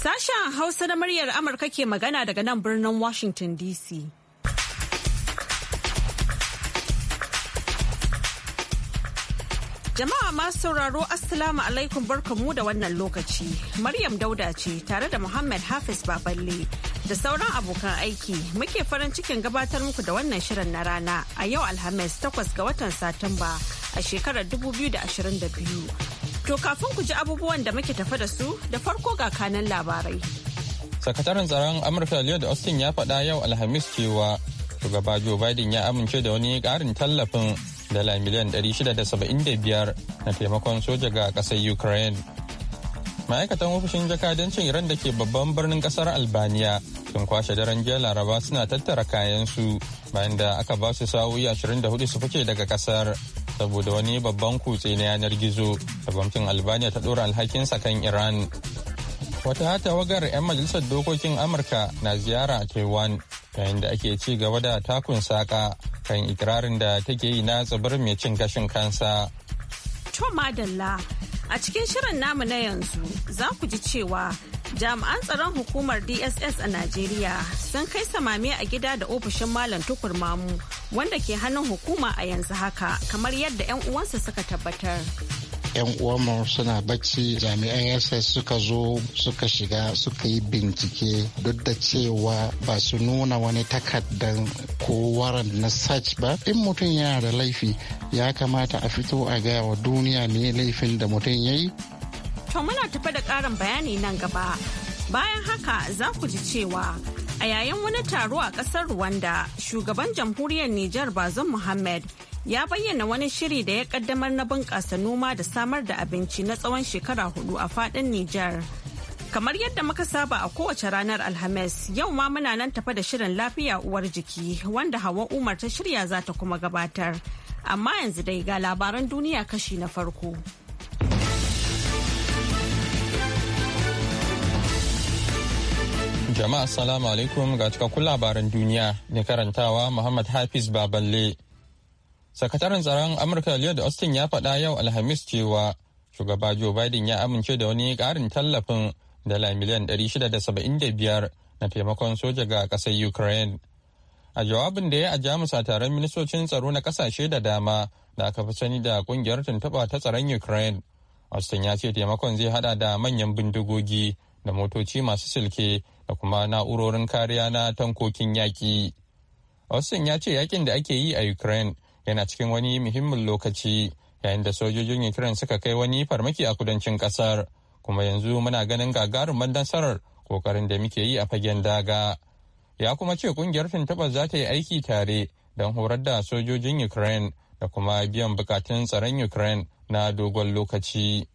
Sashen Hausa na muryar Amurka ke magana daga nan birnin Washington DC. Jama'a masu sauraro Assalamu alaikum barkamu da wannan lokaci. Maryam Dauda ce tare da Muhammad Hafiz Baballe da sauran abokan aiki muke farin cikin gabatar muku da wannan shirin na rana a yau Alhamis 8 ga watan Satumba a shekarar 2022. To kafin ku ji abubuwan da muke tafa da su da farko ga kanan labarai. Sakataren tsaron Amurka Lloyd Austin ya faɗa yau Alhamis cewa shugaba Joe Biden ya amince da wani ƙarin tallafin dala miliyan 675 na taimakon soja ga ƙasar Ukraine. Ma'aikatan ofishin jakadancin Iran da ke babban birnin ƙasar Albaniya sun kwashe daren jiya laraba suna tattara kayan su bayan da aka ba su sa'o'i 24 su fice daga ƙasar. saboda wani babban kutse na yanar gizo da gwamnatin albania ta ɗora alhakinsa kan iran wata tawagar 'yan majalisar dokokin amurka na ziyara a taiwan yayin da ake ci gaba da takun saka kan ikirarin da take yi na tsibirin mai cin gashin kansa to madalla a cikin shirin namu na yanzu za ku ji cewa Jami'an tsaron hukumar DSS a Najeriya sun kai samame a gida da ofishin Malam Tukur Mamu wanda ke hannun hukuma a yanzu haka kamar yadda 'yan uwansa suka tabbatar. 'yan uwanmu suna bacci jami'an ss suka zo suka shiga suka yi bincike duk da cewa ba su nuna wani takardar ko waran na search ba in mutum yana da laifi ya kamata a fito a gaya wa duniya ne laifin da mutum ya yi To muna tafa da ƙarin bayani nan gaba. Bayan haka za ku ji cewa a yayin wani taro a ƙasar Rwanda shugaban jamhuriyar Nijar Bazum Muhammad ya bayyana wani shiri da ya ƙaddamar na bunƙasa noma da samar da abinci na tsawon shekara hudu a faɗin Nijar. Kamar yadda muka saba a kowace ranar Alhamis, yau ma muna nan tafa da shirin lafiya uwar jiki wanda Hawa Umar ta shirya za ta kuma gabatar. Amma yanzu dai ga labaran duniya kashi na farko. Jama'a salamu alaikum ga cikakkun labaran duniya ne karantawa Muhammad Hafiz Baballe. Sakataren tsaron Amurka Lloyd Austin ya faɗa yau Alhamis cewa shugaba Joe Biden ya amince da wani ƙarin tallafin dala miliyan 675 na taimakon soja ga ƙasar Ukraine. A jawabin da ya a Jamus a taron ministocin tsaro na ƙasashe da dama da aka fi sani da ƙungiyar tuntuɓa ta tsaron Ukraine. Austin ya ce taimakon zai hada da manyan bindigogi da motoci masu silke da kuma na'urorin kariya na tankokin yaƙi. Austin ya ce yakin da ake yi a Ukraine yana cikin wani muhimmin lokaci yayin da sojojin Ukraine suka kai wani farmaki a kudancin ƙasar kuma yanzu muna ganin gagarumin nasarar kokarin da muke yi a fagen daga. Ya kuma ce kungiyar Fintabas za ta yi aiki tare don horar da sojojin Ukraine da kuma biyan bukatun tsaron Ukraine na dogon lokaci.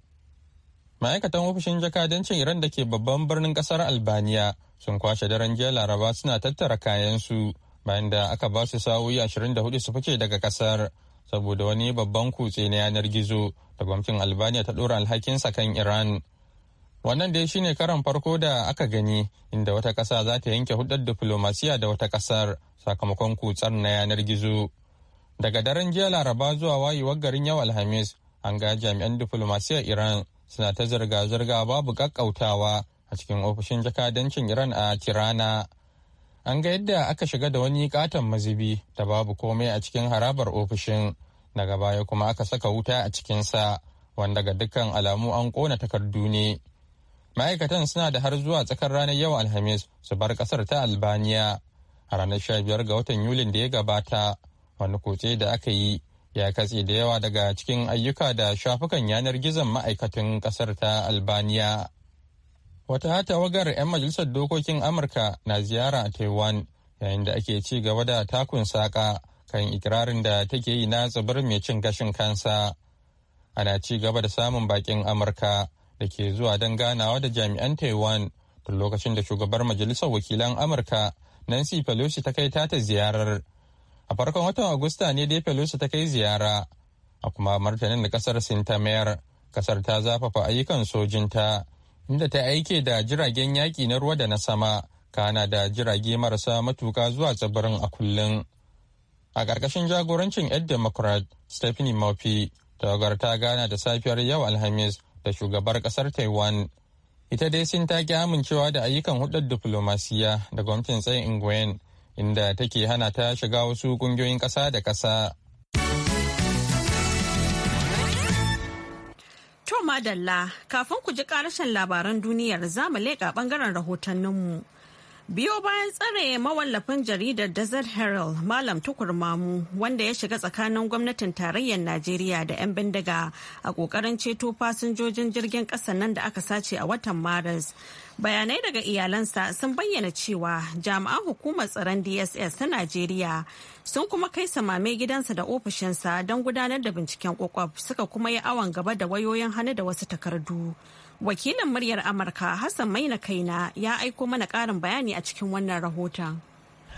ma'aikatan ofishin jakadancin iran da ke babban birnin kasar albaniya sun kwashe daren jiya laraba suna tattara kayansu bayan da aka ba su sa'o'i 24 su fice daga kasar saboda wani babban kutse na yanar gizo da gwamnatin albaniya ta dora alhakinsa kan iran wannan dai shine karan farko da aka gani inda wata kasa za ta yanke hudar diplomasiya da wata kasar sakamakon kutsar na yanar gizo daga daren jiya laraba zuwa wayewar garin yau alhamis an ga jami'an diplomasiyar iran suna ta zirga-zirga babu kakkautawa a cikin ofishin jakadancin Iran a Tirana. An ga yadda aka shiga da wani katon mazubi da babu komai a cikin harabar ofishin daga baya kuma aka saka wuta a cikinsa wanda ga dukkan alamu an kona takardu ne. Ma'aikatan suna da har zuwa tsakar ranar yau Alhamis su bar kasar ta Albaniya a ranar 15 ga watan Yulin da ya gabata wani kutse da aka yi ya katse da yawa daga cikin ayyuka da shafukan yanar gizon ma'aikatan kasar ta albaniya wata tawagar 'yan majalisar dokokin amurka na ziyara a taiwan yayin da ake ci gaba da takun saƙa kan ikirarin da take yi na tsibirin mai cin gashin kansa ana ci gaba da samun bakin amurka da ke zuwa don ganawa da jami'an taiwan tun lokacin da shugabar majalisar wakilan amurka nancy pelosi ta kai ta ziyarar a farkon watan agusta ne dai pelosi ta kai ziyara a kuma martanin da kasar sin kasar ta zafafa ayyukan sojinta inda ta aike da jiragen yaƙi na ruwa da na sama kana da jirage marasa matuka zuwa tsibirin a kullun. a ƙarƙashin jagorancin 'yan democrat stephanie murphy tawagar ta gana da safiyar yau alhamis da shugabar ƙasar taiwan ita dai sun ta amincewa da ayyukan hudar diflomasiyya da gwamnatin tsayin ingwen inda take hana ta shiga wasu kungiyoyin ƙasa da ƙasa. To madalla kafin ku ji ƙarashin labaran duniyar zamu leƙa ɓangaren rahotanninmu. Biyo bayan tsare mawallafin jaridar Desert Herald Malam tukurmamu wanda ya shiga tsakanin gwamnatin tarayyar Najeriya da 'yan bindiga a kokarin ceto fasinjojin jirgin ƙasa nan da aka sace a watan Maris. Bayanai daga iyalansa sun bayyana cewa jami'an hukumar tsaron DSS ta Najeriya sun kuma kai samame gidansa da ofishinsa don gudanar da binciken kwakwaf suka kuma yi awon gaba da wayoyin hannu da wasu takardu. Wakilin muryar Amurka Hassan Maina Kaina ya aiko mana karin bayani a cikin wannan rahoton.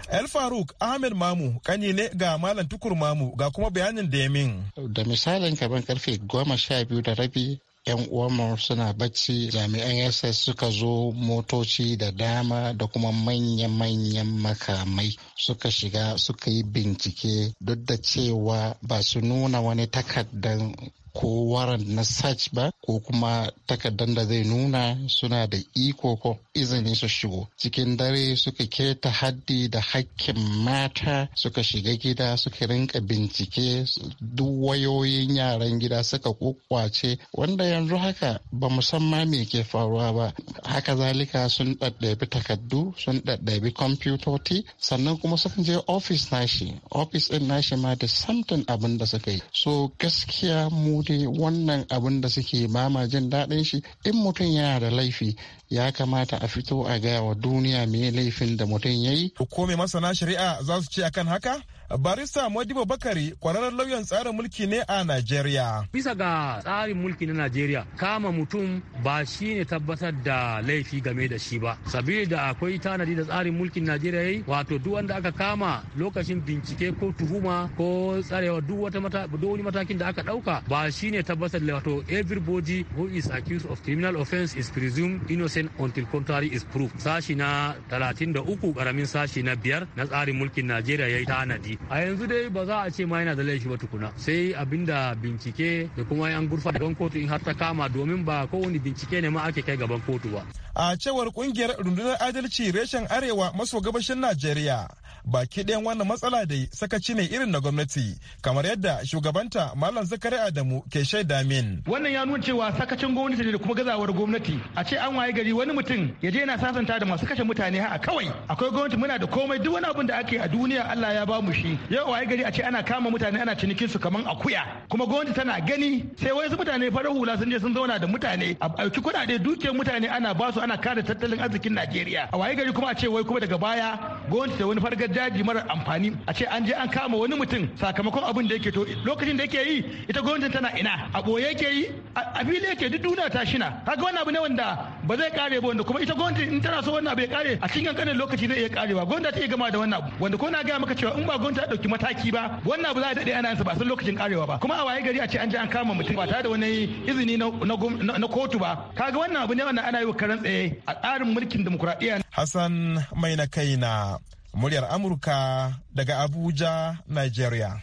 El Faruk Ahmed Mamu kanyi ne ga Malam Tukur Mamu ga kuma bayanin da min. Da misalin kaban karfe goma sha biyu da rabi yan uwanmu suna bacci jami'an yasa suka zo motoci da dama da kuma manya-manyan makamai suka shiga suka yi bincike duk da cewa ba su nuna wani takardar. ko waran na search ba ko kuma takardar da zai nuna suna da iko ko izini su shigo cikin dare suka keta haddi da hakkin mata suka shiga gida suka rinka bincike duk wayoyin yaran gida suka kukwace wanda yanzu haka ba musamman me ke faruwa ba haka zalika sun ɗaɗɗabi takardu sun ɗaɗɗabi kwamfutoti sannan kuma sukan je ofis nashi ofis ɗin nashi ma da samtin abin da suka yi so gaskiya mu dai wannan abin da suke bama jin daɗin shi in mutum yana da laifi ya kamata a fito a gaya wa duniya mai laifin da mutum ya yi. Ko masana shari'a za su ce akan haka? Barista Modibo Bakari kwararren lauyan tsarin mulki ne a Najeriya. Bisa ga tsarin mulki na Najeriya, kama mutum ba shi ne tabbatar da laifi game da shi ba. Sabida akwai tanadi da tsarin mulkin Najeriya yi wato duk wanda aka kama lokacin bincike ko tuhuma ko tsarewa duk wata wani matakin da aka ɗauka ba shi ne tabbatar da wato everybody who is accused of criminal offense is presumed innocent until contrary is proved. Sashi na 33 karamin sashi na biyar na tsarin mulkin Najeriya ya yi tanadi a yanzu dai ba za a ce ma yana da laifi ba tukuna sai abinda bincike da kuma yan gurfa gaban kotu in har ta kama domin ba kowane bincike ne ma ake kai gaban kotu ba a cewar kungiyar rundunar adalci reshen arewa maso gabashin najeriya baki ɗayan wannan matsala dai sakaci ne irin na gwamnati kamar yadda shugabanta malam zakari adamu ke shaida min wannan ya nuna cewa sakacin gwamnati ne da kuma gazawar gwamnati a ce an waye gari wani mutum ya je yana sasanta da masu kashe mutane a kawai akwai gwamnati muna da komai duk wani abin da ake a duniya Allah ya bamu shi yau waye gari a ce ana kama mutane ana cinikin su kamar akuya kuma gwamnati tana gani sai su mutane farar hula sun je sun zauna da mutane a ɗauki kuɗaɗe dukiyar mutane ana basu ana kare tattalin arzikin Najeriya a waye gari kuma a ce wai kuma daga baya gwamnati da wani fargar jaji mara amfani a ce an je an kama wani mutum sakamakon abin da yake to lokacin da yake yi ita gwamnatin tana ina a boye yake yi a fili yake duk duniya ta shina kaga wannan abu ne wanda ba zai kare ba wanda kuma ita gwamnati in tana so wannan abu ya kare a cikin kanin lokaci zai iya karewa gwamnati ta iya gama da wannan abu wanda ko na gaya maka cewa in ba gwamnati ta dauki mataki ba wannan abu za a dade ana yansa ba san lokacin karewa ba kuma a waye gari a ce an je an kama mutum ba tare da wani izini na kotu ba kaga wannan abu ne wannan ana yi wa karan tsaye a tsarin mulkin demokuraɗiyya Hassan mai na kaina muryar Amurka daga Abuja, Nigeria.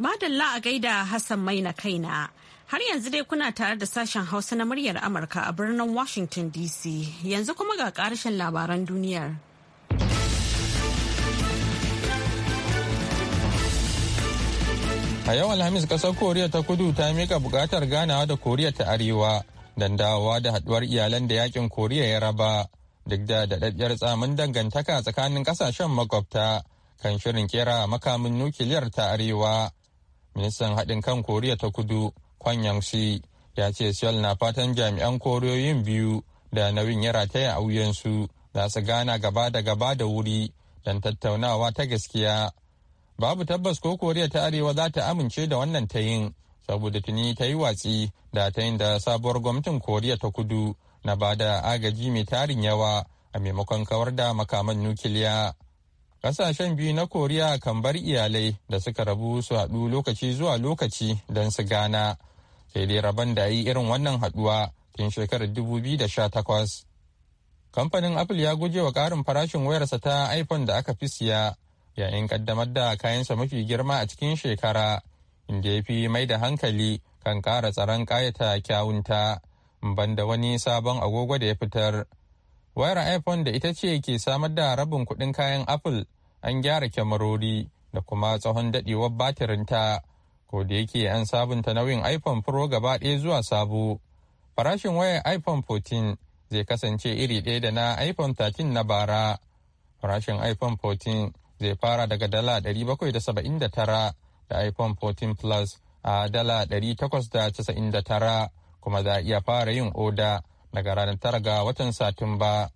Madalla a gaida Hassan mai na kaina. Har yanzu dai kuna tare da sashen Hausa na muryar Amurka a birnin Washington DC. Yanzu kuma ga ƙarshen labaran duniyar. A yau Alhamis ƙasar Koriya ta kudu ta mika bukatar ganawa da Koriya ta Arewa don dawowa da haduwar iyalan da yakin Koriya ya raba duk da daɗaɗɗiyar tsamin dangantaka tsakanin ƙasashen makwabta kan shirin kera makamin nukiliyar ta arewa ministan haɗin kan koriya ta kudu kwanyang shi ya ce seoul na fatan jami'an koriyoyin biyu da nauyin ya rataya a wuyansu za su gana gaba da gaba da wuri don tattaunawa ta gaskiya babu tabbas ko koriya ta arewa za ta amince da wannan ta yin saboda tuni ta yi watsi da ta yin da sabuwar gwamnatin koriya ta kudu na ba da agaji mai tarin yawa a maimakon kawar da makaman nukiliya. kasashen biyu na Koriya kan bar iyalai da suka rabu su haɗu lokaci zuwa lokaci don su gana. Sai dai rabon da yi irin wannan haɗuwa tun shekarar 2018. Kamfanin Apple ya guje wa ƙarin farashin wayarsa ta iPhone da aka fi siya yayin ƙaddamar da kayansa mafi girma a cikin shekara, inda ya fi mai da hankali kan ƙara tsaron ƙayata kyawunta. banda wani sabon agogo da ya fitar. Wayar iPhone da ita ce ke samar da rabin kuɗin kayan Apple an gyara kyamarori da kuma tsawon daɗewar batirinta, ko da yake an sabunta nauyin iPhone Pro gaba ɗaya zuwa sabo. Farashin wayar iPhone 14 zai kasance iri ɗaya da na iPhone 13 na bara. Farashin iPhone 14 zai fara daga dala 779 da iPhone 14 Plus a dala 899. kuma za a iya fara yin oda daga ranar tara ga watan satumba.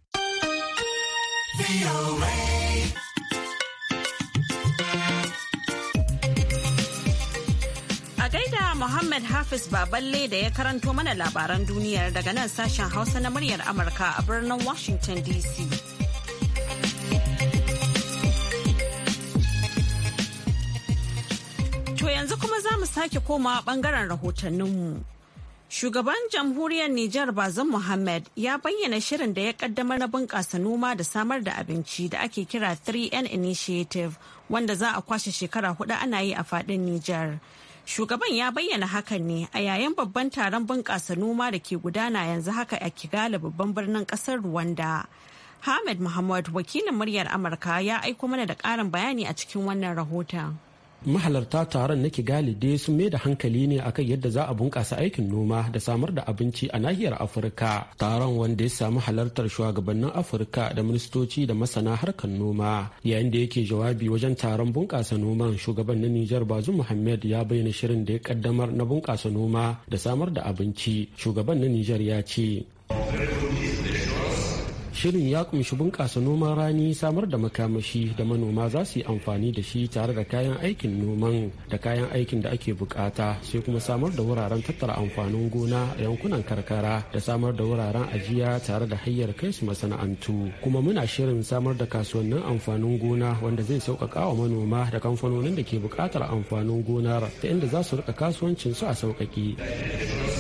A gaida Muhammad Hafiz Baballe da ya karanto mana labaran duniyar daga nan sashen Hausa na muryar Amurka a birnin Washington DC. To yanzu kuma za mu sake komawa bangaren rahotanninmu. Shugaban jamhuriyar Nijar Bazan Mohammed ya bayyana shirin da ya kaddamar na bunƙasa noma da samar da abinci da ake kira 3N Initiative wanda za a kwashe shekara hudu ana yi a fadin Nijar. Shugaban ya bayyana hakan ne a yayin babban taron bunƙasa noma da ke gudana yanzu haka a Kigali babban birnin ƙasar Rwanda. Hamid Muhammad wakilin muryar Amurka ya aiko mana da ƙarin bayani a cikin wannan rahoton. mahalarta taron na kigali dai sun mai da hankali ne akan yadda za a bunƙasa aikin noma da samar da abinci a nahiyar afirka taron wanda ya samu halartar shugabannin afirka da ministoci da masana harkar noma yayin da yake jawabi wajen taron bunƙasa noman shugaban na nijar bazu muhammed ya bayyana shirin da ya kaddamar na bunƙasa noma da samar da abinci shugaban na nijar ya ce shirin ya kunshi bunƙasa noman rani samar da makamashi da manoma za su yi amfani da shi tare da kayan aikin noman da kayan aikin da ake bukata sai kuma samar da wuraren tattara amfanin gona a yankunan karkara da samar da wuraren ajiya tare da hanyar kai su masana'antu kuma muna shirin samar da kasuwannin amfanin gona wanda zai sauƙaƙa wa manoma da kamfanonin da ke buƙatar amfanin gonar ta inda za su rika kasuwancin su a sauƙaƙe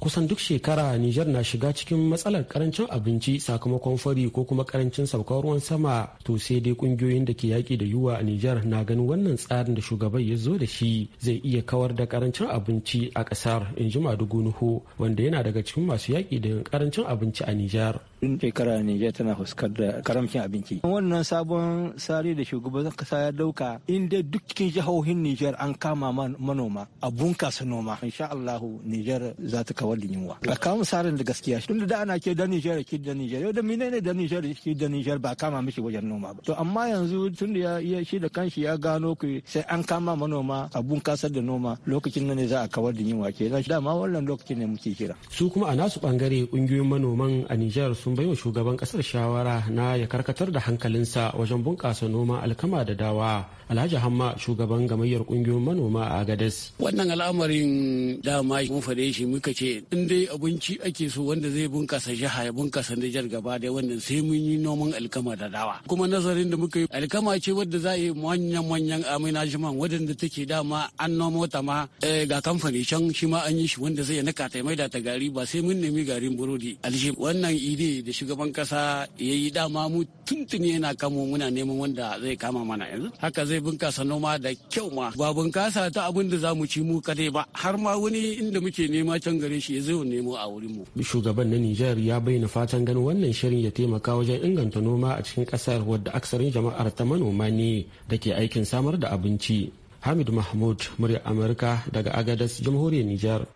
kusan duk shekara Nijar na shiga cikin matsalar karancin abinci sakamakon fari ko kuma karancin saukar ruwan sama to sai dai kungiyoyin da ke yaƙi da yiwuwa a Nijar na ganin wannan tsarin da shugaban ya zo da shi zai iya kawar da karancin abinci a kasar in ji Madugunuhu wanda yana daga cikin masu yaƙi da karancin abinci a Nijar. In shekara Nijar tana fuskar da karamcin abinci. Wannan sabon tsari da shugaban kasa ya dauka inda dukkan jihohin Nijar an kama manoma a bunkasa noma. Insha Allahu Nijar za ta kawar dalilin yunwa a kawo sarin da gaskiya tun da ana ke da Nijar ke da Nijar yau da mine da Nijar ke da Nijar ba kama mishi wajen noma ba to amma yanzu tun da ya shi da kanshi ya gano ku sai an kama manoma a bunkasar da noma lokacin nan ne za a kawar da yunwa ke nan dama wannan lokacin ne muke kira su kuma a nasu bangare kungiyoyin manoman a Nijar sun baiwa shugaban kasar shawara na ya karkatar da hankalinsa wajen bunkasa noma alkama da dawa Alhaji Hamma shugaban gamayyar kungiyoyin manoma a Agadez wannan al'amarin dama mun fade shi muka ce in dai abinci ake so wanda zai bunkasa jiha ya bunkasa Nijar gaba da wannan sai mun yi noman alkama da dawa. Kuma nazarin da muka yi alkama ce wadda za a yi manyan-manyan aminajiman wadanda take dama an nomo ta ma eh, ga kamfani can shi ma an yi shi wanda zai naka ta mai da ta gari ba sai mun nemi garin burodi. Alshi wannan ide da shugaban kasa ya yi dama mu tuntuni yana kamo muna neman wanda zai kama mana yanzu. Haka zai bunkasa noma da kyau ma ba bunkasa ta abin da za mu ci mu kadai ba har ma wani inda muke nema can gare shi shi ya zo nemo a wurin mu. Shugaban na Nijar ya bayyana fatan ganin wannan shirin ya taimaka wajen inganta noma a cikin kasar wadda aksarin jama'ar ta manoma ne da ke aikin samar da abinci. Hamid Mahmud, murya Amurka daga Agadas, Jamhuriyar Nijar.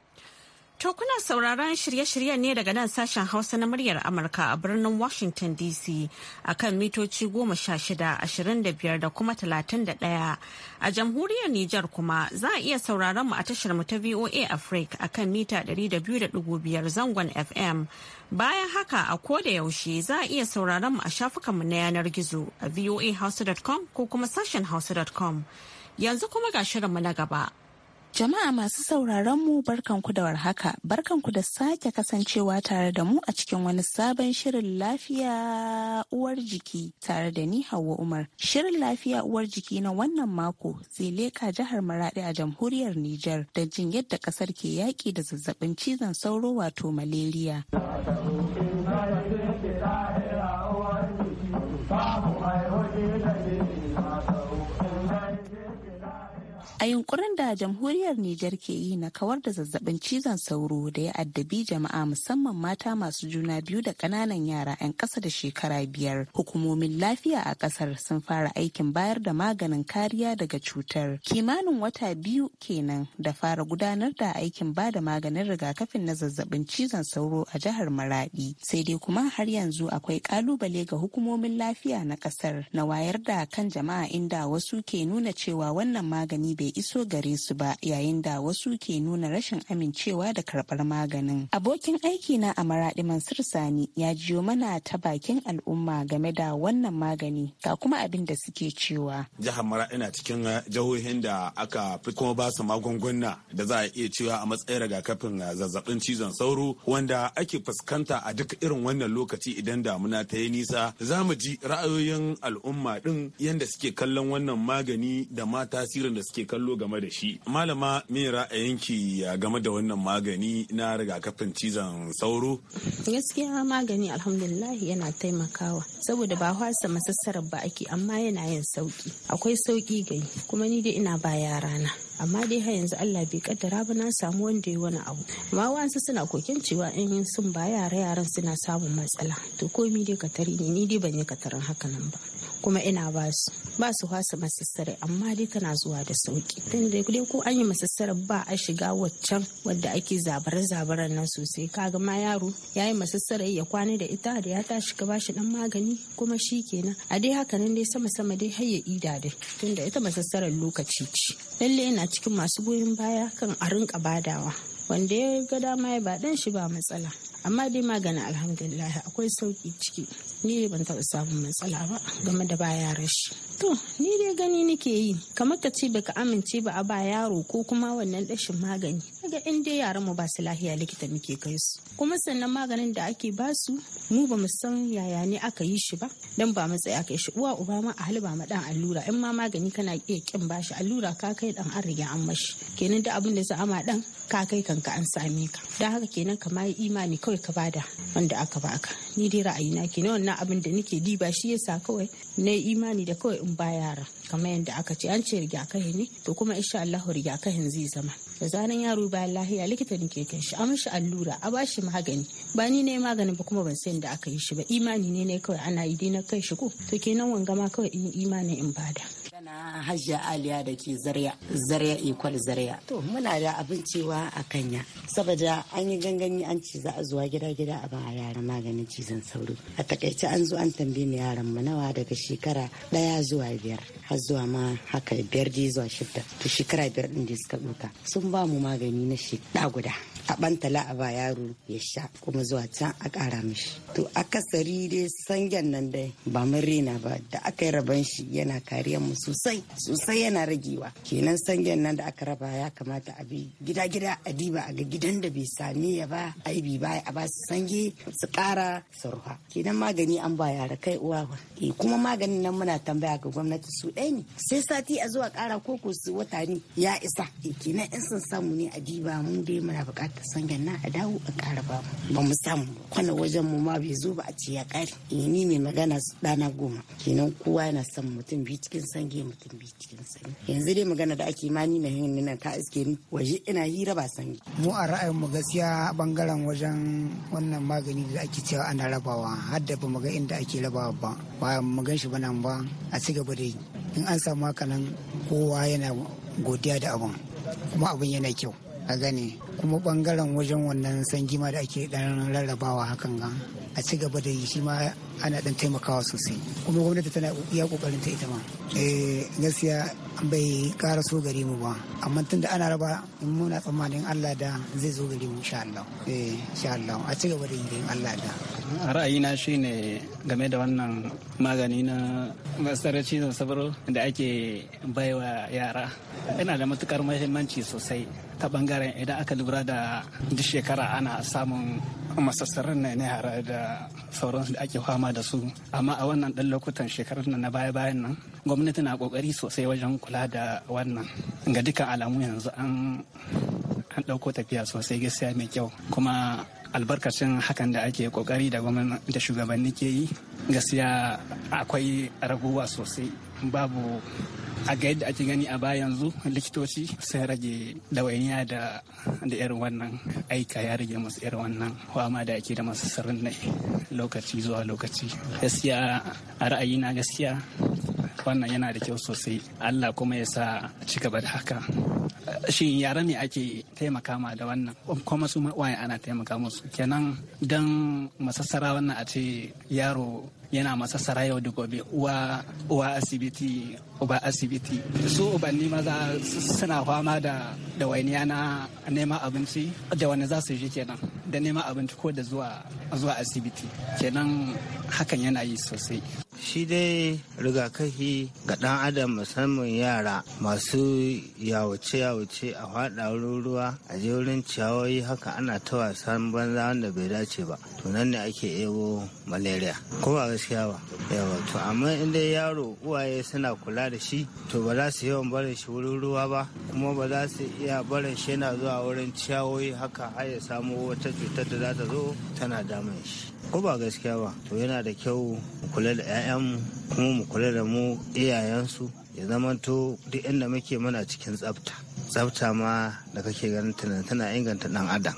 To kuna sauraron shirye-shiryen ne daga nan sashen Hausa na muryar Amurka a birnin Washington DC a kan mitoci goma sha shida, ashirin da biyar da kuma talatin da ɗaya. A jamhuriyar Nijar kuma za a iya sauraron mu a tashar mu ta VOA Africa a kan mita ɗari da biyu da biyar zangon FM. Bayan haka a ko da yaushe za a iya sauraron mu a shafukanmu na yanar gizo a voahausa.com ko kuma sashen hausa.com. Yanzu kuma ga shirinmu na gaba. Jama'a masu sauraron mu barkanku da warhaka, ku da sake kasancewa tare da mu a cikin wani sabon shirin lafiya uwar jiki tare da ni Hauwa Umar. Shirin lafiya uwar jiki na wannan mako zai leka jihar Maraɗi a jamhuriyar Nijar da jin yadda kasar ke yaƙi da zazzabin cizon sauro wato malaria. A yunkurin da jamhuriyar Nijar ke yi na kawar da zazzabin cizon sauro da ya addabi jama'a musamman mata masu juna biyu da ƙananan yara 'yan ƙasa da shekara biyar. Hukumomin lafiya a ƙasar sun fara aikin bayar da maganin kariya daga cutar. Kimanin wata biyu kenan da fara gudanar da aikin ba da maganin rigakafin na zazzabin cizon sauro a jihar Maradi. Sai dai kuma har yanzu akwai ƙalubale ga hukumomin lafiya na ƙasar na wayar da kan jama'a inda wasu ke nuna cewa wannan magani bai iso gare su ba yayin da wasu ke nuna rashin amincewa da karɓar maganin. Abokin aiki na a maraɗi Mansur Sani ya jiyo mana ta bakin al'umma game da wannan magani ga kuma abin da suke cewa. Jihar Maraɗi na cikin eh, jihohin da aka fi kuma ba su magunguna da za a iya cewa a matsayin rigakafin eh, zazzabin cizon sauro wanda ake fuskanta a duk irin wannan lokaci idan damuna ta yi nisa za mu ji ra'ayoyin al'umma din yadda suke kallon wannan magani da ma tasirin da suke kallo game da shi malama me ra'ayinki game da wannan magani na rigakafin cizon sauro gaskiya magani alhamdulillah yana taimakawa saboda ba hwasa masassarar ba ake amma yana yin sauki akwai sauki gai kuma ni dai ina ba yara na amma dai har yanzu Allah bai kaddara ba na samu wanda ya wani abu amma wasu suna kokin cewa in sun ba yara yaran suna samun matsala to komi dai katari ne ni dai ban yi katarin haka nan ba kuma ina basu su ba su hasa masassare amma dai tana zuwa da sauki tun da dai ko an yi masassare ba a shiga waccan wadda ake zabar zabaren nan sosai kaga ma yaro ya yi masassare ya kwana da ita da ya tashi ka bashi dan magani kuma shi kenan a dai haka nan dai sama sama dai har ya ida dai tun da ita masassarar lokaci ce lalle ina cikin masu goyon baya kan a rinka badawa wanda ya ga dama ya ba dan shi ba matsala amma dai magana alhamdulillah akwai sauki ciki ni ban taɓa samun matsala ba game da ba yaran shi to ni dai gani nake yi kamar ka ce baka amince ba a ba yaro ko kuma wannan ɗashin magani daga in dai yaran mu ba su lahiya likita muke kai su kuma sannan maganin da ake ba su mu ba mu san yaya ne aka yi shi ba dan ba mu tsaya kai shi uwa uba ma a halba ma dan allura in ma magani kana iya kin ba shi allura ka kai dan an rige an mashi kenan da abin da za a ma dan ka kai kanka an same ka dan haka kenan ka ma imani kawai ka bada wanda aka baka ni dai ra'ayina kenan wannan wannan abin da nake diba shi yasa kawai na imani da kawai in ba yara kamar yadda aka ce an ce rigakafi ne to kuma insha Allah rigakafin zai zama da zanen yaro bayan lahiya likita nake kai shi a shi allura a shi magani ba ni ne maganin ba kuma ban san da aka yi shi ba imani ne ne kawai ana yi dai na kai shi ko to kenan wanga ma kawai in imani in bada na Hajja aliya da ke zarya zarya ikwal zarya to muna da abin cewa a kanya saboda an yi gangani an ce za a zuwa gida gida a ba a yara maganin cizon sauro a takaice an zo an tambaye mu yaran mu nawa daga shekara daya zuwa biyar har zuwa ma haka biyar dai zuwa shida to shekara biyar din da suka ɗauka sun ba mu magani na shekara guda a bantala a ba yaro ya sha kuma zuwa can a kara mishi to akasari dai sangen nan dai ba mun rena ba da aka yi raban shi yana kariyar mu sosai sosai yana ragewa kenan sangen nan da aka raba ya kamata a bi gida gida a diba a ga gidan da bai sami ya ba aibi ba a ba su sange su kara su ruha kenan magani an ba yara kai uwa ba eh, kuma maganin nan muna tambaya ga gwamnati su ɗaya ne sai sati a zuwa kara ko su wata ne ya isa eh, kenan in sun samu ne a diba mu dai muna bukatar sanya na a dawo a ƙara ba ba mu samu kwana wajen mu ma bai zo ba a ce ya ƙare eh, ni mai magana ɗana goma kenan kowa yana son mutum biyu cikin sange mutum biyu cikin sange yanzu dai magana da ake mani na hin nan ka iske ni waje ina hira ba sange. mu a ra'ayin mu gaskiya bangaren wajen wannan magani da ake cewa ana rabawa har da ba mu ga inda ake rabawa ba ba mu gan shi ba nan ba a ci gaba da yi in an samu haka nan kowa yana godiya da abun kuma abin yana kyau a gani kuma bangaren wajen wannan sangima da ake dan rarrabawa hakan gan a ci gaba da shi ma ana dan taimakawa sosai kuma gwamnati tana iya kokarin ta ita ma eh gaskiya bai kara so gare mu ba amma tun da ana raba in muna tsammanin Allah da zai zo gare mu insha Allah eh insha Allah a ci gaba da yi Allah da ra'ayina shine game da wannan magani na masarar cizon sabro da ake baiwa yara yana da matukar muhimmanci sosai ta bangaren idan aka lura da duk shekara ana samun masassarin na ne hare da sauransu da ake fama da su amma a wannan dan lokutan shekarar na baya bayan nan gwamnati na kokari sosai wajen kula da wannan ga dukkan alamu yanzu an ɗauko tafiya sosai gaskiya mai kyau kuma albarkacin hakan da ake kokari da da shugabanni ke yi gaskiya akwai raguwa sosai babu a ga yadda ake gani a baya yanzu likitoci sun rage dawainiya da da irin wannan aika ya rage masu irin wannan fama da ake da masu sirrin ne lokaci zuwa lokaci gaskiya a ra'ayina gaskiya wannan yana da kyau sosai allah kuma ya sa ci gaba da haka shin yara ne ake taimaka ma da wannan kuma su waye ana taimaka musu kenan don masassara wannan a ce yaro yana masassara yau da gobe uwa uwa asibiti uba asibiti su ubanni maza suna fama da da wainiya na neman abinci da wani za su je kenan da neman abinci ko da zuwa zuwa asibiti kenan hakan yana yi sosai shi dai rigakafi ga ɗan adam musamman yara masu yawace-yawace a faɗa ruwa a je wurin ciyawoyi haka ana ta wasan banza wanda bai dace ba to nan ne ake ebo malaria ko ba gaskiya ba yawa to amma in dai yaro uwaye suna kula da shi to ba za su yawan barin shi wurin ruwa ba kuma ba za su iya barin shi yana zuwa wurin ciyawoyi haka har ya samu wata cutar da za ta zo tana damun shi ko ba gaskiya ba to yana da kyau mu kula da 'ya'yanmu kuma mu kula da mu iyayensu ya zamanto duk inda muke muna cikin tsafta tsafta ma da kake ganin tana tana inganta dan adam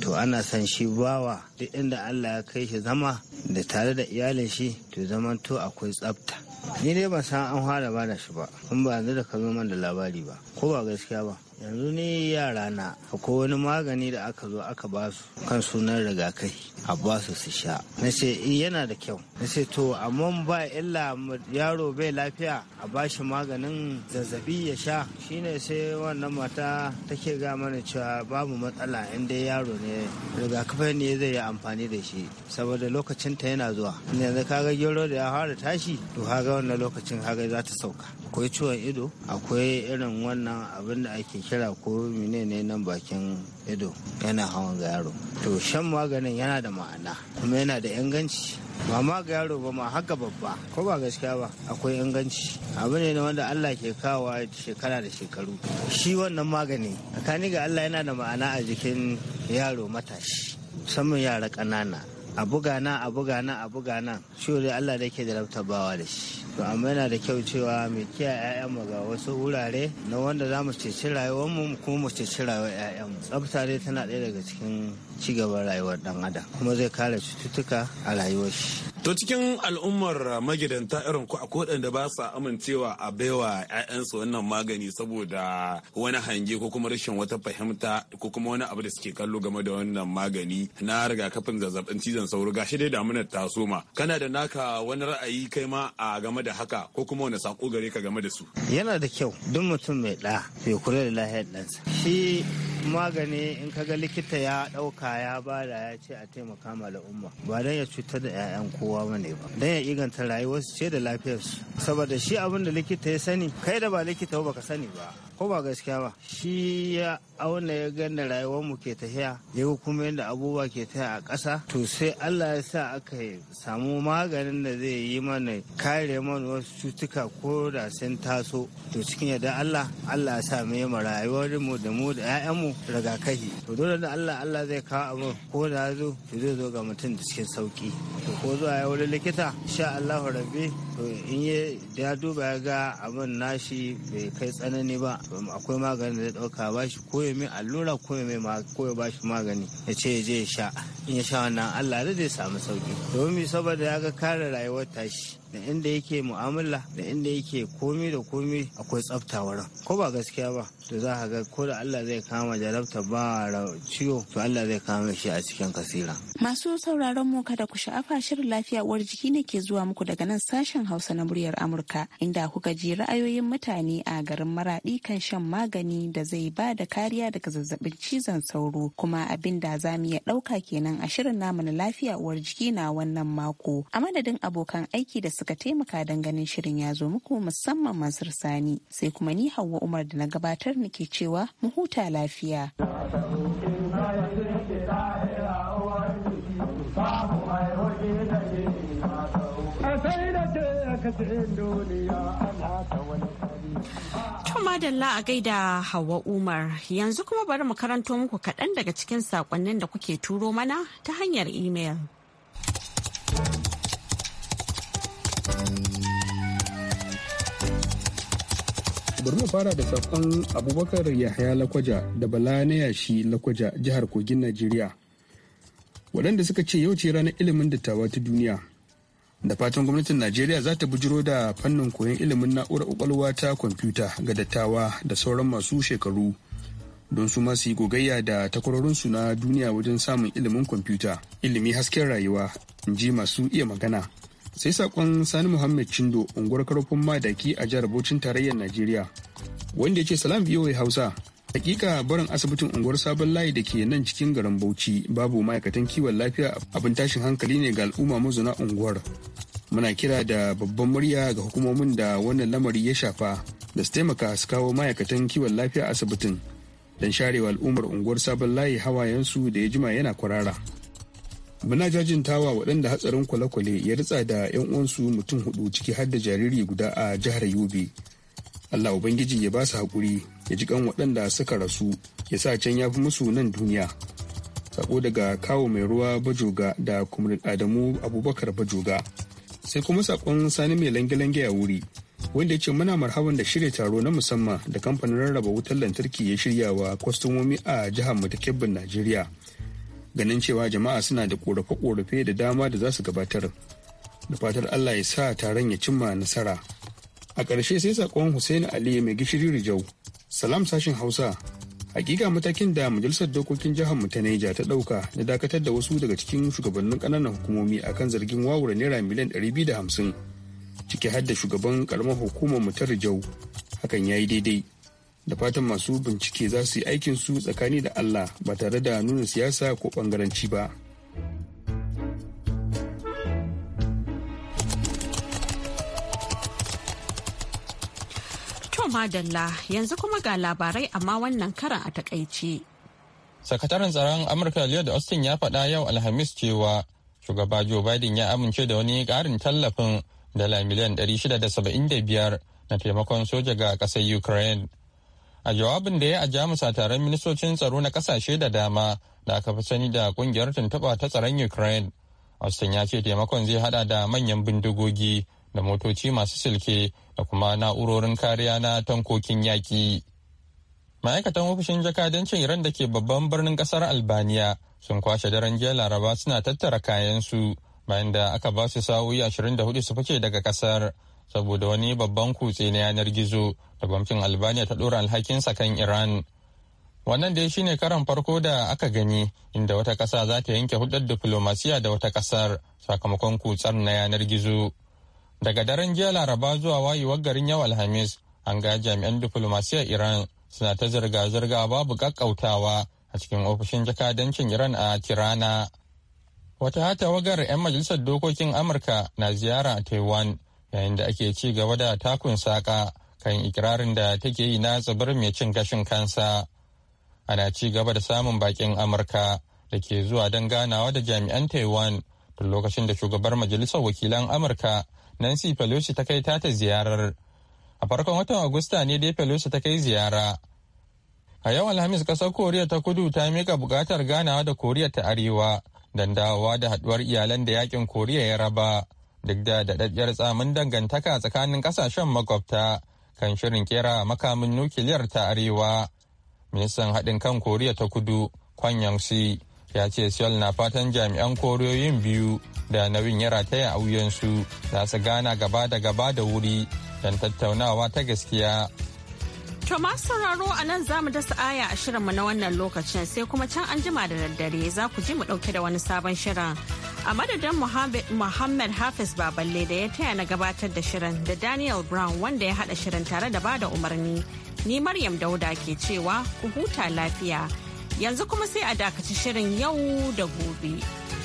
to ana san shi bawa duk inda Allah ya kai shi zama da tare da iyalin shi to zamanto akwai tsafta ni dai ban san an fara bada shi ba in ba yanzu da ka zo man da labari ba ko ba gaskiya ba yanzu ne yara na akwai wani magani da aka zo aka ba su kan sunan rigakai a ba su su sha na ce eh, yana da kyau na ce to amma ba illa yaro bai lafiya a ba shi maganin zazzabi ya sha shine sai wannan mata take ga mana cewa babu matsala in dai yaro ne rigakafi ne zai yi amfani da shi saboda lokacin ta yana zuwa yanzu kaga gero da ya fara tashi to kaga wannan lokacin kaga za ta sauka akwai ciwon ido akwai irin wannan abin da ake kira ko menene nan bakin ido yana hawan ga yaro to shan maganin yana da ma'ana kuma yana da inganci ba ma ga yaro ba ma haka babba ko ba gaskiya ba akwai inganci abu ne wanda Allah ke kawo shekara da shekaru shi wannan magani tsakani ga Allah yana da ma'ana a jikin yaro matashi musamman yara kanana a buga nan a buga nan a buga nan shi Allah da ke da bawa da shi to amma yana da kyau cewa mai kiyaye mu ga wasu wurare na wanda za mu ceci rayuwarmu kuma mu ceci rayuwar 'ya'yanmu tsafta dai tana ɗaya daga cikin cigaban rayuwar dan adam kuma zai kare cututtuka a rayuwar shi to cikin al'ummar magidanta irin ku akwai waɗanda ba sa amincewa a baiwa 'ya'yansu wannan magani saboda wani hange ko kuma rashin wata fahimta ko kuma wani abu da suke kallo game da wannan magani na rigakafin zazzabin cizon sauro gashi dai damunar ta soma kana da naka wani ra'ayi kai ma a game game da haka ko kuma wani sako gare ka game da su yana da kyau duk mutum mai ɗa bai kula da lahiyar ɗansa shi magani in ka ga likita ya ɗauka ya ba bada ya ce a taimaka ma al'umma ba don ya cutar da 'ya'yan kowa ba ne ba don ya inganta rayuwarsu ce da lafiyarsu saboda shi abin da likita ya sani kai da ba likita ba ka sani ba ko ba gaskiya ba shi ya auna ya ganda rayuwar mu ke tafiya ya kuma yadda abubuwa ke tafiya a ƙasa to sai Allah ya sa aka samu maganin da zai yi mana kare mana wasu cutuka ko da sun taso to cikin yadda Allah Allah ya sa mu yi rayuwar mu da mu da 'ya'yanmu rigakafi to dole da Allah Allah zai kawo abu ko da zo zai zo ga mutum da cikin sauki ko zuwa ya wuri likita sha Allahu rabbi to in ya duba ya ga abin nashi bai kai tsanani ba akwai magani da dauka ba shi ko ya allura ko ya mai ko ya bashi magani ya ce je sha in ya sha wannan Allah da zai samu sauki domin saboda ya ga kare rayuwar tashi da inda yake mu'amala da inda yake komi da komi akwai tsafta wurin ko ba gaskiya ba to za ka ga ko da Allah zai kama jarabta ba ciwo to Allah zai kama shi a cikin kasira masu sauraron mu kada ku sha'afa shirin lafiya uwar jiki ne ke zuwa muku daga nan sashen Hausa na muryar Amurka inda kuka ji ra'ayoyin mutane a garin maraɗi kan shan magani da zai ba da kariya daga zazzabin cizon sauro kuma abin da za mu iya ɗauka kenan a shirin namu na lafiya uwar jiki na wannan mako a madadin abokan aiki da suka taimaka don ganin shirin ya zo muku musamman masu Sani sai kuma ni Hauwa Umar da na gabatar nake cewa mu huta lafiya. madalla a gaida Hauwa Umar yanzu kuma bari mu karanto muku kaɗan daga cikin saƙonnin da kuke turo mana ta hanyar imel. bari mu fara da sakon abubakar yahaya lakwaja da bala na yashi lakwaja jihar kogin najeriya waɗanda suka ce yau ce ranar ilimin dattawa ta duniya da fatan gwamnatin najeriya za ta bujiro da fannin koyon ilimin na'urar kwakwalwa ta kwamfuta ga dattawa da sauran masu shekaru don su masu yi gogayya da takwarorinsu na duniya wajen samun ilimin kwamfuta ilimi hasken rayuwa in ji masu iya magana sai sakon sani muhammed chindo unguwar karfin madaki a jihar bauchin tarayyar najeriya wanda ya ce salam voa hausa hakika barin asibitin unguwar sabon layi da ke nan cikin garin bauchi babu ma'aikatan kiwon lafiya abin tashin hankali ne ga al'umma mazauna unguwar muna kira da babban murya ga hukumomin da wannan lamari ya shafa da su taimaka su kawo ma'aikatan kiwon lafiya asibitin don sharewa al'ummar unguwar sabon layi hawayensu da ya jima yana kwarara. muna jajintawa waɗanda hatsarin kwale-kwale ya ritsa da 'yan uwansu mutum hudu ciki har da jariri guda a jihar yobe allah ubangiji ya ba su haƙuri ya ji kan waɗanda suka rasu ya sa can ya fi musu nan duniya sako daga kawo mai ruwa bajoga da kumrin adamu abubakar bajoga sai kuma sakon sani mai lange-lange a wuri wanda ya ce muna marhaban da shirya taro na musamman da kamfanin rarraba wutar lantarki ya shirya wa kwastomomi a jihar mu ta kebbin najeriya ganin cewa jama'a suna da korafe-korafe da dama da za su gabatar da fatar allah ya sa taron ya cimma nasara a ƙarshe sai sakon hussein ali mai gishiri rijau salam sashin hausa hakika matakin da majalisar dokokin jihar mu ta Neja ta dauka na dakatar da wasu daga cikin shugabannin ƙananan hukumomi akan zargin wawura naira miliyan 250 ciki har da shugaban ƙaramar hukumar mu ta Rijau hakan yayi daidai da fatan masu bincike za su yi aikin su tsakani da Allah ba tare da nuna siyasa ko bangaranci ba. To madalla yanzu kuma ga labarai amma wannan karan a takaice. Sakataren tsaron Amurka da Austin ya faɗa yau Alhamis cewa shugaba Joe Biden ya amince da wani ƙarin tallafin dala miliyan 675 na taimakon soja ga ƙasar Ukraine. a jawabin da ya a jamus a taron ministocin tsaro na kasashe da dama da aka fi sani da kungiyar tuntuɓa ta tsaron ukraine austin ya ce taimakon zai hada da manyan bindigogi da motoci masu silke da kuma na'urorin kariya na tankokin yaƙi ma'aikatan ofishin jakadancin iran da ke babban birnin kasar albaniya sun kwashe daren jiya laraba suna tattara kayan su bayan da aka ba su sa'o'i 24 su fice daga kasar saboda wani babban kutse na yanar gizo da gwamnatin albania ta ɗora alhakinsa kan iran wannan dai shine karan farko da aka gani inda wata ƙasa za ta yanke hudar diflomasiya da wata ƙasar sakamakon kutsar na yanar gizo daga daren jiya laraba zuwa wayewar garin yau alhamis an ga jami'an diflomasiyar iran suna ta zirga-zirga babu kakkautawa a cikin ofishin jakadancin iran a tirana wata hatawagar 'yan majalisar dokokin amurka na ziyara a taiwan yayin da ake ci gaba da takun saƙa kan ikirarin da take yi na tsibirin mai cin gashin kansa ana ci gaba da samun bakin amurka da ke zuwa don ganawa da jami'an taiwan tun lokacin da shugabar majalisar wakilan amurka nancy pelosi ta kai tata ziyarar a farkon watan agusta ne dai pelosi ta kai ziyara a yau alhamis kasar koriya ta kudu ta mika bukatar ganawa da koriya ta arewa don dawowa da haduwar iyalan da yakin koriya ya raba duk da daɗaɗɗiyar tsamin dangantaka tsakanin ƙasashen makwabta kan shirin kera makamin nukiliyar ta arewa ministan haɗin kan koriya ta kudu kwan ya ce seoul na fatan jami'an koriyoyin biyu da nauyin yara rataya a wuyansu za su gana gaba da gaba da wuri don tattaunawa ta gaskiya To masu sauraro a nan za mu dasa aya a shirinmu na wannan lokacin sai kuma can an jima da daddare za ku ji mu ɗauke da wani sabon shirin. A madadin Muhammad Hafiz Baballe da ya taya na gabatar da shirin da Daniel Brown wanda ya haɗa shirin tare da bada umarni. Ni Maryam Dauda ke cewa ku huta lafiya. Yanzu kuma sai a dakaci shirin yau da gobe.